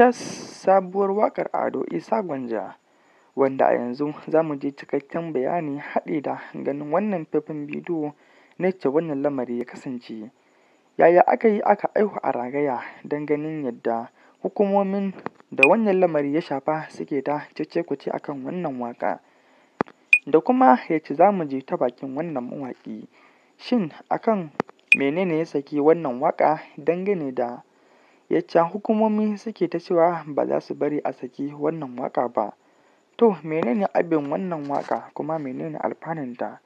cas sabuwar waƙar Ado Isa Gwanja, wanda a yanzu za mu ji cikakken bayani haɗe da ganin wannan faifan bidiyo na yacce wannan lamari ya kasance. Yaya aka yi aka aihu a ragaya don ganin yadda hukumomin da wannan lamari ya shafa suke ta cece a kan wannan waƙa, da kuma yacce za mu je ta bakin wannan mawaƙi, shin akan menene mene ya saki wannan waƙa dangane da yacca hukumomi suke ta cewa ba za su bari a saki wannan waƙa ba. To menene abin wannan waƙa kuma menene alfanunta?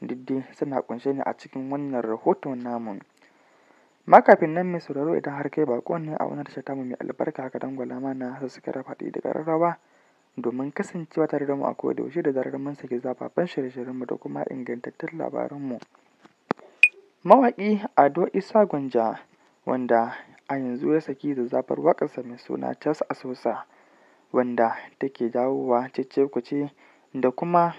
Duk dai suna ƙunshe ne a cikin wannan rahoto namu. makafin kafin nan mai sauraro idan har kai baƙo ne a wannan tasha tamu mai albarka ka dangwala mana su subscribe haɗi da ƙararrawa domin kasancewa tare da mu a koda yaushe da zarar mun saki zababen shirye shiryen mu da kuma ingantattun mu Mawaƙi Ado Isa Gwanja wanda a yanzu ya saki zazzafar waƙarsa mai suna Cas a Sosa, wanda take dawowa cece-kuce da kuma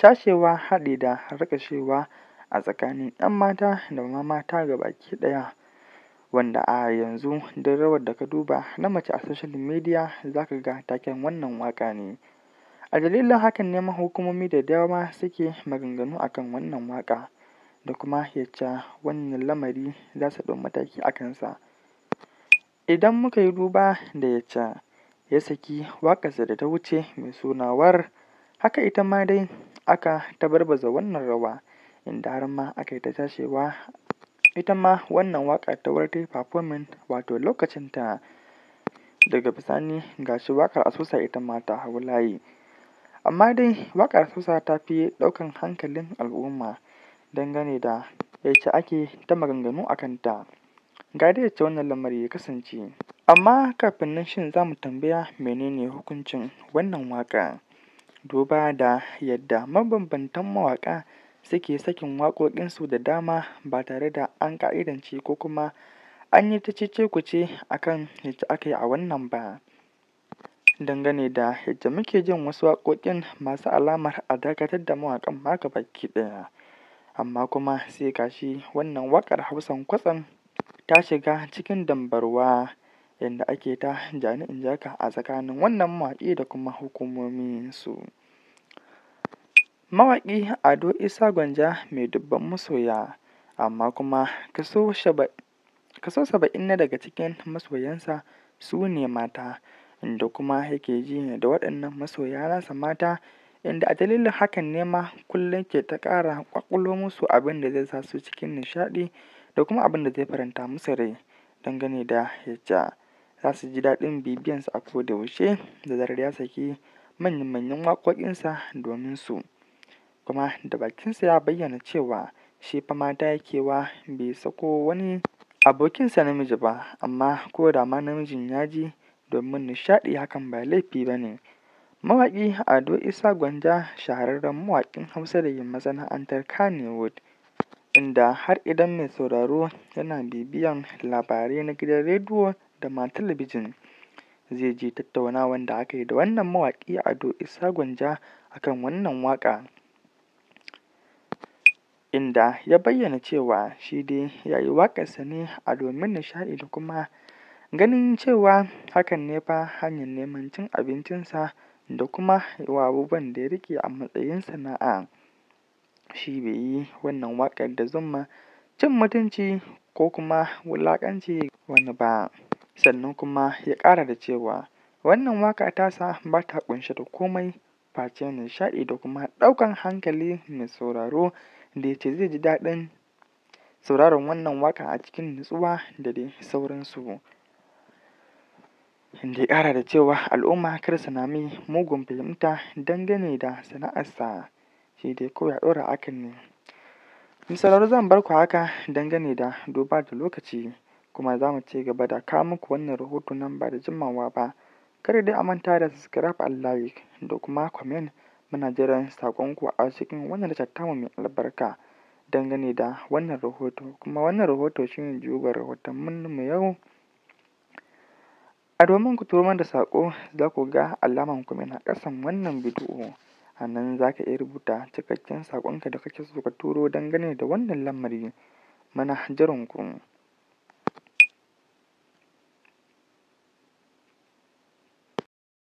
cashewa haɗi da harkashewa a tsakanin 'yan mata da ma mata gabaki ɗaya. Wanda a yanzu duk rawar da ka duba na mace a social media za ka ga taken wannan waƙa ne. A dalilin hakan ne ma hukumomi da dama suke maganganu akan wannan waƙa da kuma yacca wannan lamari za su ɗau mataki a kansa. Idan muka yi duba da yacca ya saki waƙarsa da ta wuce mai suna War, haka ita ma dai aka tabarbaza wannan rawa, inda har ma aka yi ta cashewa. Ita ma wannan waƙa ta War ta yi performing wato lokacin ta daga bisani ga shi waƙar Asusa ita ma ta hau layi. Amma dai waƙar Asusa ta fi ɗaukan hankalin al'umma dangane da yacca ake ta maganganu a kanta. Ga dai wannan lamari ya kasance. Amma kafin nan shin za mu tambaya menene hukuncin wannan waƙa? Duba da yadda mabambantan mawaƙa suke sakin waƙoƙinsu da dama ba tare da an ƙa'idance ko kuma an yi ta cece-kuce a kan yadda aka yi a wannan ba. Dangane da yadda muke jin wasu waƙoƙin masu alamar a dakatar da mawaƙan ma gabaki ɗaya. Amma kuma sai ga shi wannan waƙar Hausan kwatsam ta shiga cikin dambarwa yanda ake ta jani in jaka a tsakanin wannan mawaƙi da kuma hukumominsu. Mawaƙi Ado Isa Gwanja mai dubban masoya, amma kuma kaso saba'in na daga cikin masoyansa su ne mata, inda kuma yake ji da waɗannan masoya nasa mata, inda a dalilin hakan ne ma kullum ke ta ƙara ƙwaƙulo musu abin da zai sa su cikin nishaɗi da kuma abin zai faranta musu rai dangane da yadda za su ji daɗin bibiyansa a koda yaushe da zarar ya saki manyan manyan waƙoƙinsa domin su. Kuma da bakinsa ya bayyana cewa shi fa mata ya kewa bai sako wani abokinsa namiji ba amma ko da ma namijin ya ji domin nishaɗi hakan ba laifi ba ne. Mawaƙi Ado Isa Gwanja shahararren mawaƙin Hausa da yin masana'antar Kannywood inda har idan mai sauraro yana bibiyan labarai na gidan rediyo da ma talabijin zai ji tattaunawan da aka yi da wannan mawaƙi Ado Isa Gwanja akan wannan waƙa. Inda ya bayyana cewa shi dai ya yi waƙarsa ne a domin nishaɗi da kuma ganin cewa hakan ne fa hanyar neman cin abincinsa da kuma abubuwan da ya riƙe a matsayin sana'a. shi bai yi wannan waƙar da zuma cin mutunci ko kuma wulaƙanci wani ba. Sannan kuma ya ƙara da cewa wannan waƙa tasa ba ta ƙunshe da komai face nishaɗi da kuma ɗaukan hankali mai sauraro da yace zai ji daɗin sauraron wannan waƙa a cikin nutsuwa da dai sauransu. Da ya ƙara da cewa al'umma kar su nemi mugun fahimta dangane da sana'arsa. shi dai kawai a ɗora hakan ne. misalar zan bar ku haka dangane da duba da lokaci kuma za mu ci gaba da kawo muku wannan rahoto nan ba da jimawa ba. Kada dai a manta da subscribe and like da kuma comment muna jiran saƙonku a cikin wannan tashar mai albarka dangane da wannan rahoto kuma wannan rahoto shine jigon rahotannin mu yau. A domin ku turo da saƙo za ku ga alamar comment a ƙasan wannan bidiyo. A nan za ka iya rubuta cikakken saƙonka da kake so ka turo dangane da wannan lamari, manhajarku.